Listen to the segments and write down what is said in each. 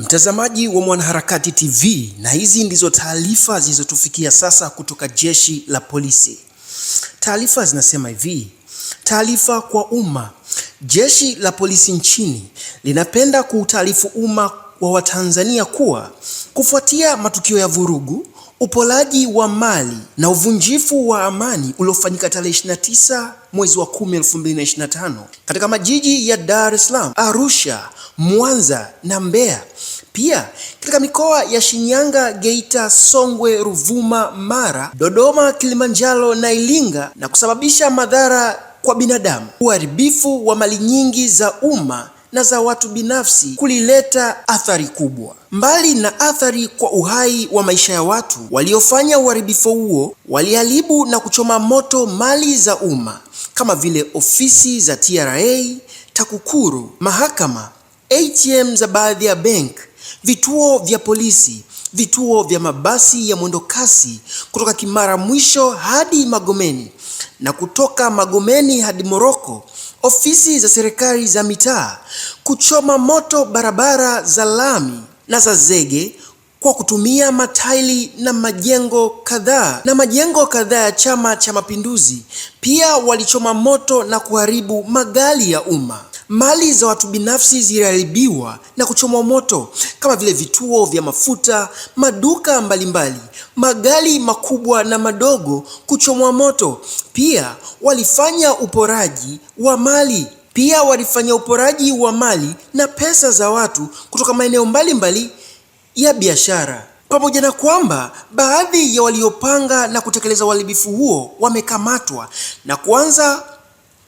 Mtazamaji wa Mwanaharakati TV, na hizi ndizo taarifa zilizotufikia sasa kutoka jeshi la polisi. Taarifa zinasema hivi: taarifa kwa umma. Jeshi la polisi nchini linapenda kuutaarifu umma wa Watanzania kuwa kufuatia matukio ya vurugu upolaji wa mali na uvunjifu wa amani uliofanyika tarehe 29 mwezi wa 10 2025 katika majiji ya Dar es Salaam, Arusha, Mwanza na Mbeya, pia katika mikoa ya Shinyanga, Geita, Songwe, Ruvuma, Mara, Dodoma, Kilimanjaro na Iringa na kusababisha madhara kwa binadamu, uharibifu wa mali nyingi za umma na za watu binafsi kulileta athari kubwa. Mbali na athari kwa uhai wa maisha ya watu, waliofanya uharibifu huo waliharibu na kuchoma moto mali za umma kama vile ofisi za TRA, TAKUKURU, mahakama, ATM za baadhi ya bank, vituo vya polisi, vituo vya mabasi ya mwendo kasi kutoka Kimara Mwisho hadi Magomeni na kutoka Magomeni hadi Moroko ofisi za serikali za mitaa, kuchoma moto barabara za lami na za zege kwa kutumia mataili na majengo kadhaa na majengo kadhaa ya Chama cha Mapinduzi. Pia walichoma moto na kuharibu magari ya umma. Mali za watu binafsi ziliharibiwa na kuchomwa moto kama vile vituo vya mafuta, maduka mbalimbali, magari makubwa na madogo kuchomwa moto. Pia walifanya uporaji wa mali pia walifanya uporaji wa mali na pesa za watu kutoka maeneo mbalimbali ya biashara, pamoja na kwamba baadhi ya waliopanga na kutekeleza uharibifu huo wamekamatwa na kuanza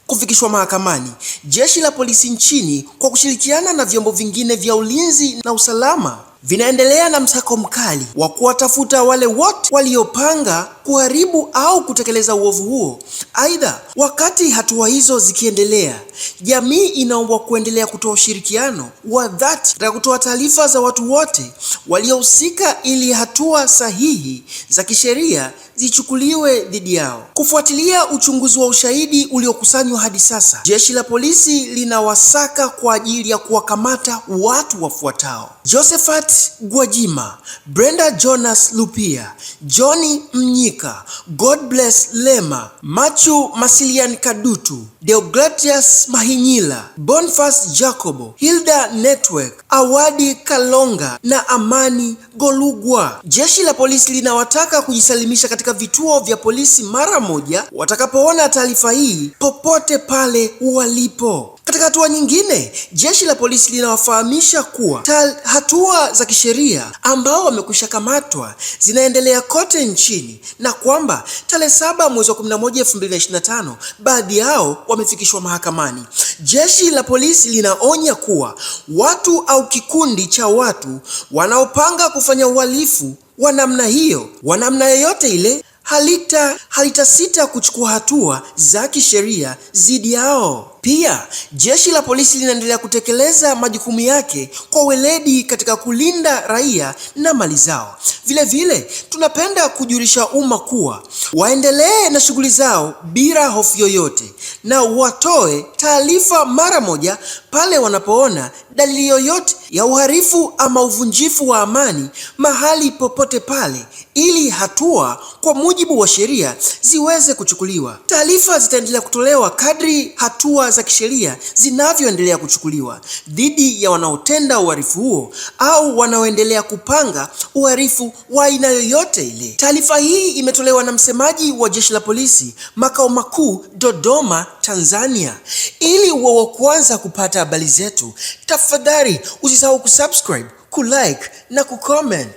kufikishwa mahakamani. Jeshi la polisi nchini kwa kushirikiana na vyombo vingine vya ulinzi na usalama vinaendelea na msako mkali wa kuwatafuta wale wote waliopanga kuharibu au kutekeleza uovu huo. Aidha, wakati hatua hizo zikiendelea Jamii inaombwa kuendelea kutoa ushirikiano wa dhati na kutoa taarifa za watu wote waliohusika ili hatua sahihi za kisheria zichukuliwe dhidi yao. Kufuatilia uchunguzi wa ushahidi uliokusanywa hadi sasa, jeshi la polisi linawasaka kwa ajili ya kuwakamata watu wafuatao: Josephat Gwajima, Brenda Jonas Lupia, Johnny Mnyika, Godbless Lema, Machu Masilian Kadutu, Deogratias Mahinyila, Bonfas Jacobo, Hilda Network, Awadi Kalonga na Amani Golugwa. Jeshi la polisi linawataka kujisalimisha katika vituo vya polisi mara moja watakapoona taarifa hii popote pale walipo. Katika hatua nyingine, jeshi la polisi linawafahamisha kuwa hatua za kisheria ambao wamekwisha kamatwa zinaendelea kote nchini na kwamba tarehe 7 mwezi wa 11 2025 baadhi yao wamefikishwa mahakamani fulani. Jeshi la polisi linaonya kuwa watu au kikundi cha watu wanaopanga kufanya uhalifu wa namna hiyo, wa namna yoyote ile, halita halitasita kuchukua hatua za kisheria dhidi yao. Pia jeshi la polisi linaendelea kutekeleza majukumu yake kwa weledi katika kulinda raia na mali zao. Vilevile tunapenda kujulisha umma kuwa waendelee na shughuli zao bila hofu yoyote na watoe taarifa mara moja pale wanapoona dalili yoyote ya uharifu ama uvunjifu wa amani mahali popote pale, ili hatua kwa mujibu wa sheria ziweze kuchukuliwa. Taarifa zitaendelea kutolewa kadri hatua za kisheria zinavyoendelea kuchukuliwa dhidi ya wanaotenda uharifu huo au wanaoendelea kupanga uharifu wa aina yoyote ile. Taarifa hii imetolewa na msemaji wa Jeshi la Polisi makao makuu Dodoma, Tanzania. Ili uwe wa kwanza kupata habari zetu, tafadhali usisahau kusubscribe, kulike na kucomment.